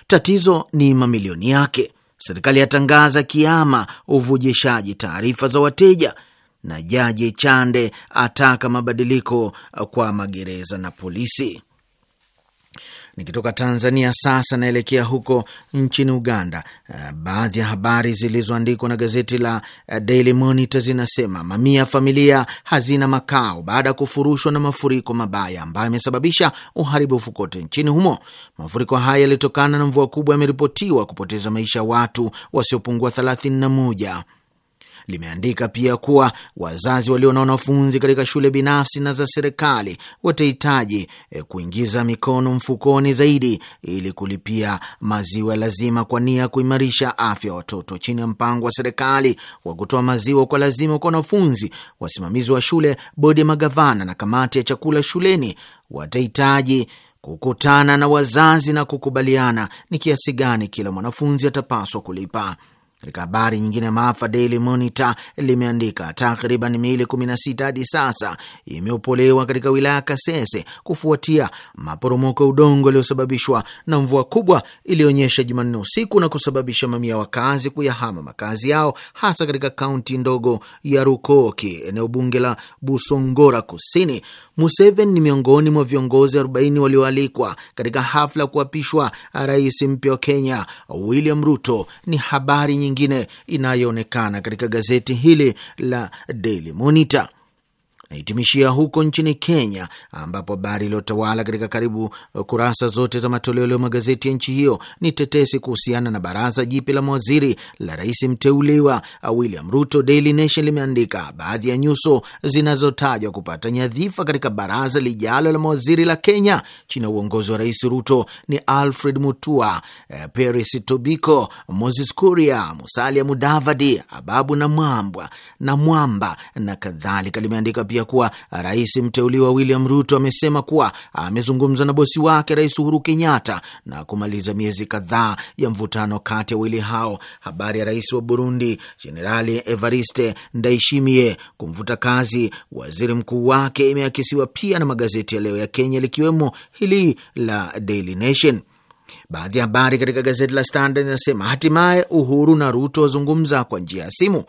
Tatizo ni mamilioni yake. Serikali yatangaza kiama uvujishaji taarifa za wateja, na Jaji Chande ataka mabadiliko kwa magereza na polisi. Nikitoka Tanzania sasa naelekea huko nchini Uganda. Eh, baadhi ya habari zilizoandikwa na gazeti la eh, Daily Monitor zinasema mamia ya familia hazina makao baada ya kufurushwa na mafuriko mabaya ambayo yamesababisha uharibifu kote nchini humo. Mafuriko haya yalitokana na mvua kubwa, yameripotiwa kupoteza maisha ya watu wasiopungua 31 limeandika pia kuwa wazazi walio na wanafunzi katika shule binafsi na za serikali watahitaji eh, kuingiza mikono mfukoni zaidi ili kulipia maziwa lazima kwa nia ya kuimarisha afya ya watoto chini ya mpango wa serikali wa kutoa maziwa kwa lazima kwa wanafunzi. Wasimamizi wa shule, bodi ya magavana na kamati ya chakula shuleni watahitaji kukutana na wazazi na kukubaliana ni kiasi gani kila mwanafunzi atapaswa kulipa. Katika habari nyingine, maafa, Daily Monitor limeandika takriban miili 16 hadi sasa imeopolewa katika wilaya Kasese kufuatia maporomoko ya udongo yaliyosababishwa na mvua kubwa iliyoonyesha Jumanne usiku na kusababisha mamia ya wakazi kuyahama makazi yao, hasa katika kaunti ndogo ya Rukoki, eneo bunge la Busongora Kusini. Museveni ni miongoni mwa viongozi 40 walioalikwa katika hafla kuapishwa rais mpya wa Kenya William Ruto. Ni habari nyingine nyingine inayoonekana katika gazeti hili la Daily Monitor. Nahitimishia huko nchini Kenya, ambapo habari iliyotawala katika karibu kurasa zote za matoleo leo magazeti ya nchi hiyo ni tetesi kuhusiana na baraza jipya la mawaziri la rais mteuliwa William Ruto. Daily Nation limeandika baadhi ya nyuso zinazotajwa kupata nyadhifa katika baraza lijalo la mawaziri la Kenya chini ya uongozi wa rais Ruto ni Alfred Mutua, eh, Peris Tobiko, Moses Kuria, Musalia Mudavadi, Ababu na Mwamba na Mwamba na kadhalika. Limeandika pia pia kuwa rais mteuliwa William Ruto amesema kuwa amezungumza na bosi wake Rais Uhuru Kenyatta na kumaliza miezi kadhaa ya mvutano kati ya wawili hao. Habari ya rais wa Burundi Jenerali Evariste Ndayishimiye kumvuta kazi waziri mkuu wake imeakisiwa pia na magazeti ya leo ya Kenya likiwemo hili la Daily Nation. Baadhi ya habari katika gazeti la Standard inasema hatimaye Uhuru na Ruto wazungumza kwa njia ya simu.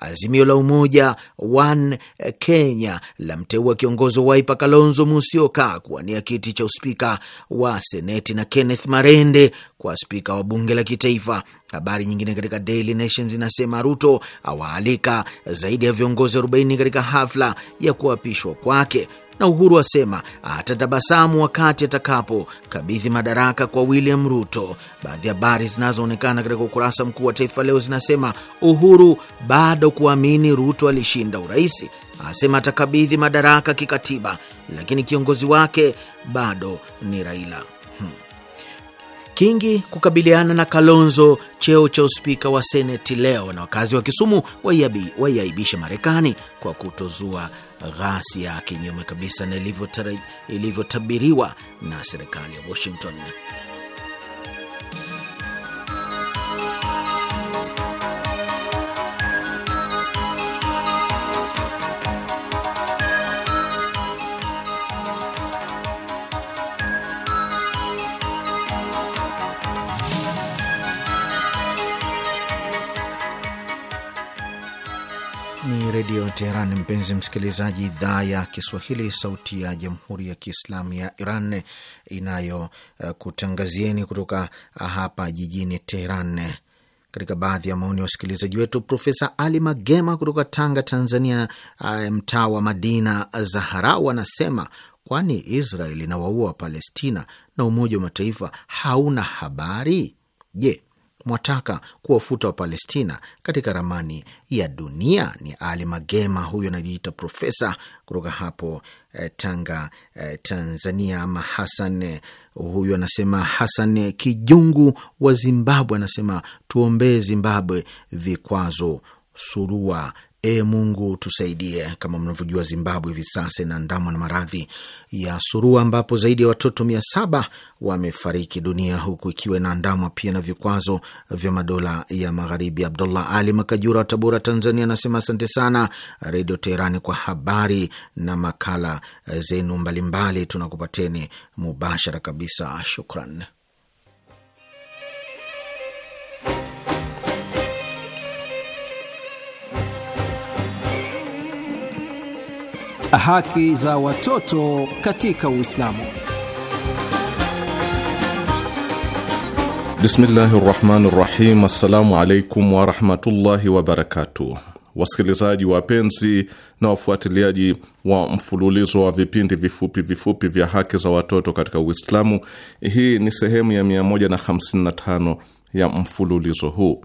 Azimio la Umoja One Kenya mteua kiongozi wa Wiper Kalonzo Musyoka kuwania kiti cha uspika wa Seneti na Kenneth Marende kwa spika wa bunge la kitaifa. Habari nyingine katika Daily Nation zinasema Ruto awaalika zaidi ya viongozi 40 katika hafla ya kuapishwa kwake, na Uhuru asema atatabasamu wakati atakapo kabidhi madaraka kwa William Ruto. Baadhi ya habari zinazoonekana katika ukurasa mkuu wa Taifa Leo zinasema Uhuru bado bado kuamini Ruto alishinda urais, asema atakabidhi madaraka kikatiba, lakini kiongozi wake bado ni Raila. Hmm. Kingi kukabiliana na Kalonzo cheo cha uspika wa seneti leo, na wakazi wa Kisumu waiaibisha Marekani kwa kutozua ghasia, kinyume kabisa na ilivyotabiriwa na serikali ya Washington. Redio Teheran. Mpenzi msikilizaji, idhaa ya Kiswahili, sauti ya jamhuri ya kiislamu ya Iran inayokutangazieni kutoka hapa jijini Teheran. Katika baadhi ya maoni ya wasikilizaji wetu, Profesa Ali Magema kutoka Tanga, Tanzania, eh, mtaa wa Madina Zaharau, anasema kwani Israel inawaua Palestina na Umoja wa Mataifa hauna habari? Je, mwataka kuwafuta wa Palestina katika ramani ya dunia. Ni Ali Magema, huyo anajiita profesa kutoka hapo eh, Tanga eh, Tanzania. Ama Hasan eh, huyu anasema, Hasan Kijungu wa Zimbabwe anasema tuombee Zimbabwe vikwazo surua E Mungu tusaidie. Kama mnavyojua, Zimbabwe hivi sasa inaandamwa na maradhi ya surua ambapo zaidi ya watoto mia saba wamefariki dunia huku ikiwa inaandamwa pia na vikwazo vya madola ya magharibi. Abdullah Ali Makajura wa Tabora, Tanzania, anasema asante sana Redio Teherani kwa habari na makala zenu mbalimbali, tunakupateni mubashara kabisa. Shukran. Haki za watoto katika Uislamu. Bismillahi rahmani rahim. Assalamu alaikum warahmatullahi wabarakatuh. Wasikilizaji wapenzi na wafuatiliaji wa mfululizo wa vipindi vifupi vifupi vya haki za watoto katika Uislamu, hii ni sehemu ya 155 ya mfululizo huu.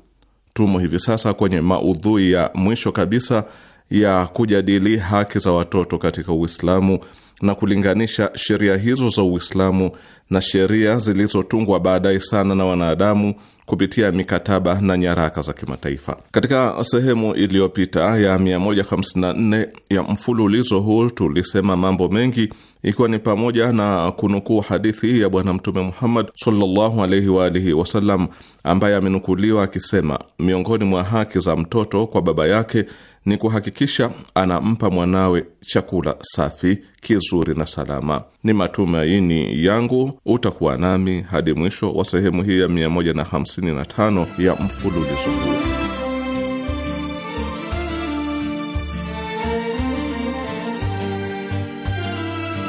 Tumo hivi sasa kwenye maudhui ya mwisho kabisa ya kujadili haki za watoto katika Uislamu na kulinganisha sheria hizo za Uislamu na sheria zilizotungwa baadaye sana na wanadamu kupitia mikataba na nyaraka za kimataifa. Katika sehemu iliyopita ya 154 ya mfululizo huu tulisema mambo mengi, ikiwa ni pamoja na kunukuu hadithi ya Bwana Mtume Muhammad sallallahu alaihi wa alihi wasallam, ambaye amenukuliwa akisema, miongoni mwa haki za mtoto kwa baba yake ni kuhakikisha anampa mwanawe chakula safi, kizuri na salama. Ni matumaini yangu utakuwa nami hadi mwisho wa sehemu hii ya 155 ya mfululizo huu.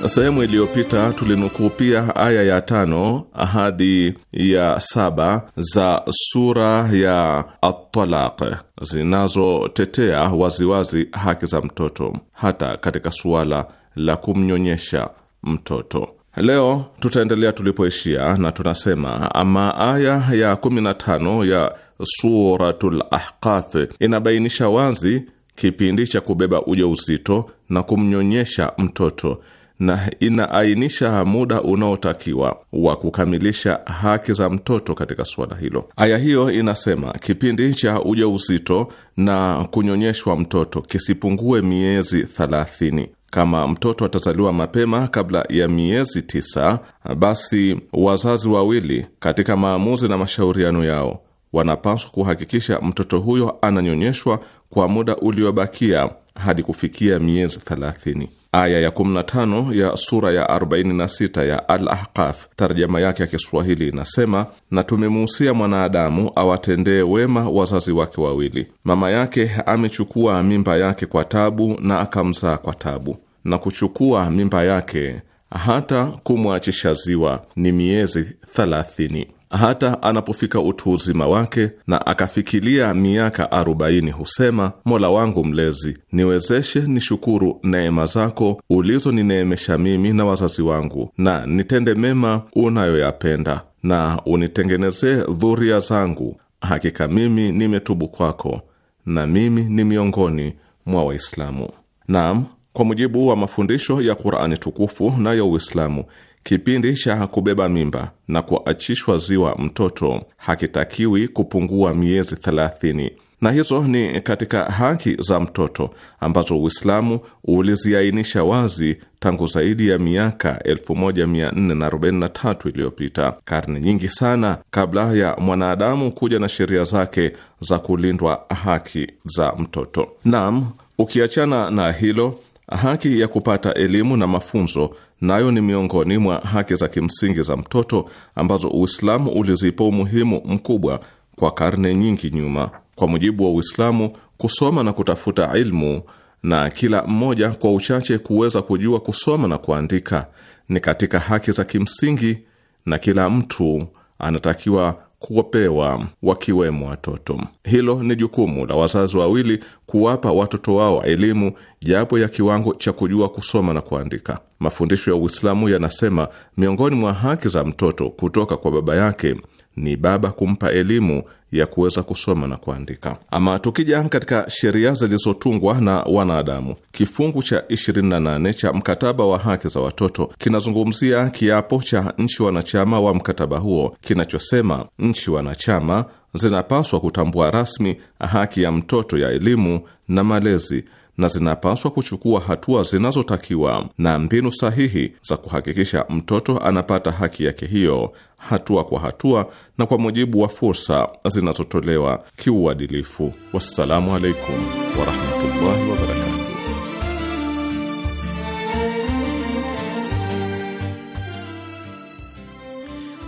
Sehemu iliyopita tulinukuu pia aya ya tano hadi ya saba za sura ya At-Talaq zinazotetea waziwazi haki za mtoto hata katika suala la kumnyonyesha mtoto. Leo tutaendelea tulipoishia na tunasema, ama aya ya 15 ya Suratul Ahqaf inabainisha wazi kipindi cha kubeba ujauzito na kumnyonyesha mtoto na inaainisha muda unaotakiwa wa kukamilisha haki za mtoto katika suala hilo. Aya hiyo inasema kipindi cha ujauzito na kunyonyeshwa mtoto kisipungue miezi thelathini. Kama mtoto atazaliwa mapema kabla ya miezi tisa, basi wazazi wawili katika maamuzi na mashauriano yao wanapaswa kuhakikisha mtoto huyo ananyonyeshwa kwa muda uliobakia hadi kufikia miezi thelathini aya ya 15 ya sura ya 46 ya Al-Ahqaf. Tarjama yake ya Kiswahili inasema, na tumemuhusia mwanadamu awatendee wema wazazi wake wawili. Mama yake amechukua mimba yake kwa tabu na akamzaa kwa tabu, na kuchukua mimba yake hata kumwachisha ziwa ni miezi thelathini hata anapofika utu uzima wake na akafikilia miaka arobaini husema, Mola wangu Mlezi, niwezeshe nishukuru neema zako ulizonineemesha mimi na wazazi wangu, na nitende mema unayoyapenda, na unitengenezee dhuria zangu. Hakika mimi nimetubu kwako, na mimi ni miongoni mwa Waislamu. Naam, kwa mujibu wa mafundisho ya Qur'ani tukufu na ya Uislamu Kipindi cha kubeba mimba na kuachishwa ziwa mtoto hakitakiwi kupungua miezi thelathini, na hizo ni katika haki za mtoto ambazo Uislamu uliziainisha wazi tangu zaidi ya miaka 1443 iliyopita, karne nyingi sana kabla ya mwanadamu kuja na sheria zake za kulindwa haki za mtoto. Naam, ukiachana na hilo, haki ya kupata elimu na mafunzo nayo ni miongoni mwa haki za kimsingi za mtoto ambazo Uislamu ulizipa umuhimu mkubwa kwa karne nyingi nyuma. Kwa mujibu wa Uislamu, kusoma na kutafuta ilmu na kila mmoja kwa uchache kuweza kujua kusoma na kuandika ni katika haki za kimsingi, na kila mtu anatakiwa kuwapewa wakiwemo watoto. Hilo ni jukumu la wazazi wawili kuwapa watoto wao elimu japo ya kiwango cha kujua kusoma na kuandika. Mafundisho ya Uislamu yanasema miongoni mwa haki za mtoto kutoka kwa baba yake ni baba kumpa elimu ya kuweza kusoma na kuandika. Ama tukija katika sheria zilizotungwa na wanadamu, kifungu cha 28 cha mkataba wa haki za watoto kinazungumzia kiapo cha nchi wanachama wa mkataba huo kinachosema, nchi wanachama zinapaswa kutambua rasmi haki ya mtoto ya elimu na malezi na zinapaswa kuchukua hatua zinazotakiwa na mbinu sahihi za kuhakikisha mtoto anapata haki yake hiyo hatua kwa hatua na kwa mujibu wa fursa zinazotolewa kiuadilifu. Wassalamu alaikum warahmatullahi wabarakatuh.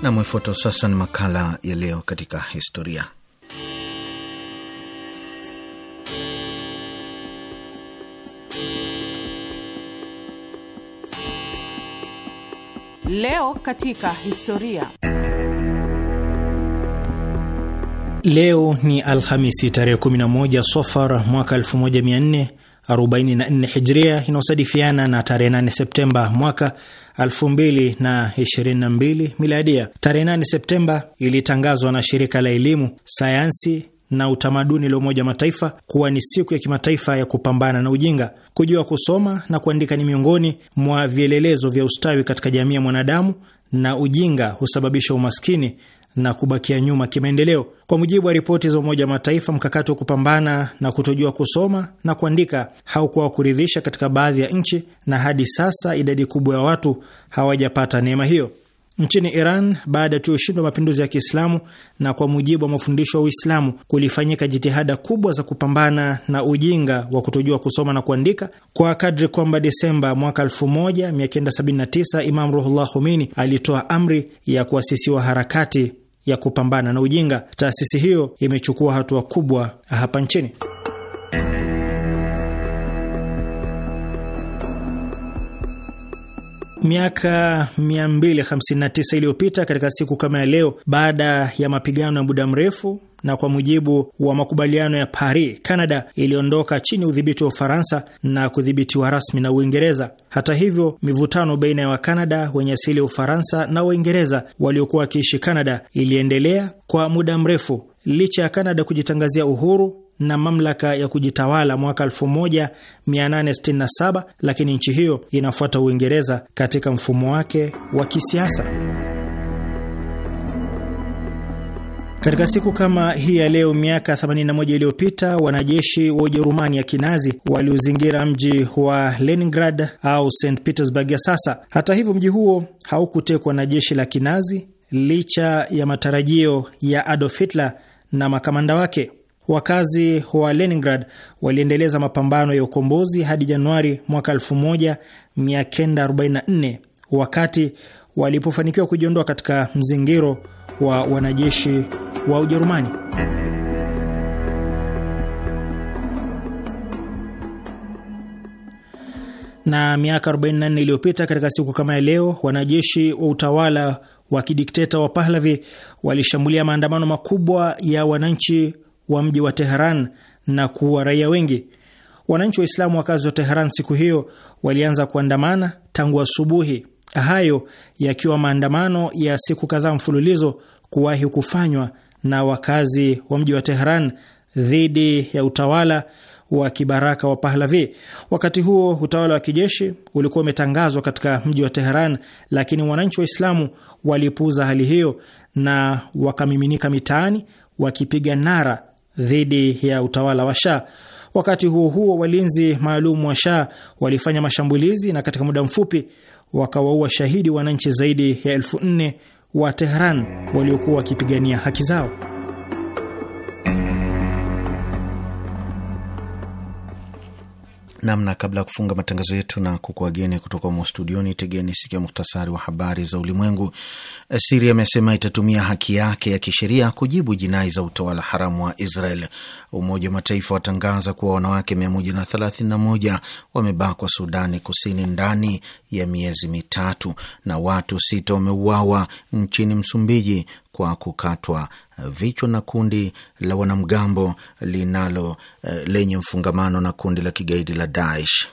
Na mwifoto sasa ni makala ya leo katika historia. Leo katika historia. Leo ni Alhamisi tarehe 11 Sofar mwaka 1444 Hijria, inayosadifiana na tarehe 8 Septemba mwaka 2022 Miladia. Tarehe 8 Septemba ilitangazwa na shirika la elimu, sayansi na utamaduni la Umoja Mataifa kuwa ni siku ya kimataifa ya kupambana na ujinga. Kujua kusoma na kuandika ni miongoni mwa vielelezo vya ustawi katika jamii ya mwanadamu, na ujinga husababisha umaskini na kubakia nyuma kimaendeleo. Kwa mujibu wa ripoti za Umoja Mataifa, mkakati wa kupambana na kutojua kusoma na kuandika haukuwa wa kuridhisha katika baadhi ya nchi, na hadi sasa idadi kubwa ya watu hawajapata neema hiyo nchini Iran baada ya ushindi wa mapinduzi ya Kiislamu na kwa mujibu wa mafundisho ya Uislamu, kulifanyika jitihada kubwa za kupambana na ujinga wa kutojua kusoma na kuandika kwa kadri kwamba Desemba mwaka 1979 Imam Ruhullah Khomeini alitoa amri ya kuasisiwa harakati ya kupambana na ujinga. Taasisi hiyo imechukua hatua kubwa hapa nchini. Miaka 259 iliyopita katika siku kama ya leo, baada ya mapigano ya muda mrefu na kwa mujibu wa makubaliano ya Paris, Canada iliondoka chini ya udhibiti wa Ufaransa na kudhibitiwa rasmi na Uingereza. Hata hivyo, mivutano baina ya Wakanada wenye asili ya Ufaransa na Waingereza waliokuwa wakiishi Canada iliendelea kwa muda mrefu licha ya Canada kujitangazia uhuru na mamlaka ya kujitawala mwaka 1867, lakini nchi hiyo inafuata Uingereza katika mfumo wake wa kisiasa. Katika siku kama hii ya leo miaka 81 iliyopita wanajeshi wa Ujerumani ya Kinazi waliozingira mji wa Leningrad au St Petersburg ya sasa. Hata hivyo, mji huo haukutekwa na jeshi la Kinazi licha ya matarajio ya Adolf Hitler na makamanda wake. Wakazi wa Leningrad waliendeleza mapambano ya ukombozi hadi Januari mwaka 1944 wakati walipofanikiwa kujiondoa katika mzingiro wa wanajeshi wa Ujerumani. Na miaka 44 iliyopita katika siku kama ya leo, wanajeshi wa utawala wa kidikteta wa Pahlavi walishambulia maandamano makubwa ya wananchi wa mji wa Teheran na kuua raia wengi. Wananchi Waislamu wakazi wa Teheran siku hiyo walianza kuandamana tangu asubuhi, hayo yakiwa maandamano ya siku kadhaa mfululizo kuwahi kufanywa na wakazi wa mji wa Teheran dhidi ya utawala wa kibaraka wa Pahlavi. Wakati huo utawala wa kijeshi ulikuwa umetangazwa katika mji wa Teheran, lakini wananchi Waislamu walipuuza hali hiyo na wakamiminika mitaani wakipiga nara dhidi ya utawala wa Shah. Wakati huo huo, walinzi maalum wa Shah walifanya mashambulizi na katika muda mfupi wakawaua shahidi wananchi zaidi ya elfu nne wa Tehran waliokuwa wakipigania haki zao. namna. Kabla ya kufunga matangazo yetu na kukuageni kutoka humo studioni, tegeni sikia muhtasari wa habari za ulimwengu. Siria amesema itatumia haki yake ya kisheria kujibu jinai za utawala haramu wa Israel. Umoja wa Mataifa watangaza kuwa wanawake 131 wamebakwa Sudani Kusini ndani ya miezi mitatu, na watu sita wameuawa nchini Msumbiji kwa kukatwa vichwa na kundi la wanamgambo linalo eh, lenye mfungamano na kundi la kigaidi la Daesh.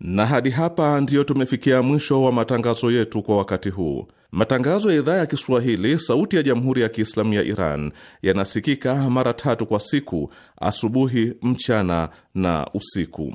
Na hadi hapa ndiyo tumefikia mwisho wa matangazo yetu kwa wakati huu. Matangazo ya idhaa ya Kiswahili sauti ya Jamhuri ya Kiislamu ya Iran yanasikika mara tatu kwa siku: asubuhi, mchana na usiku.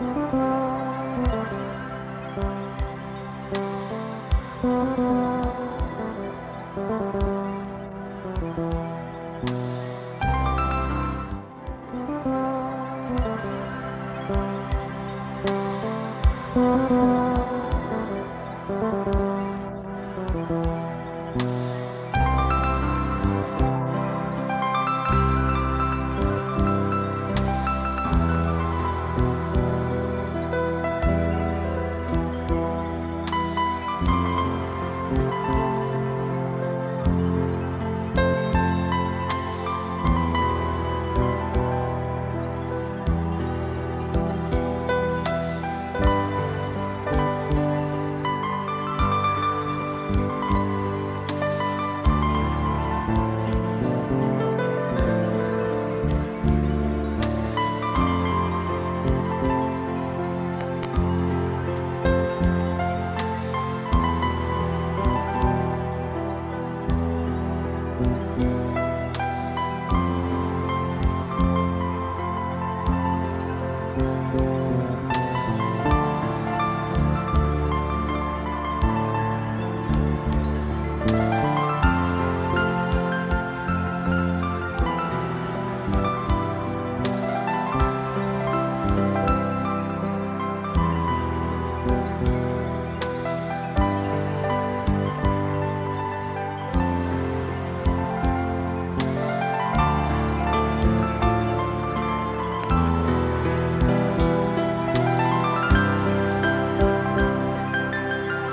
Thank you.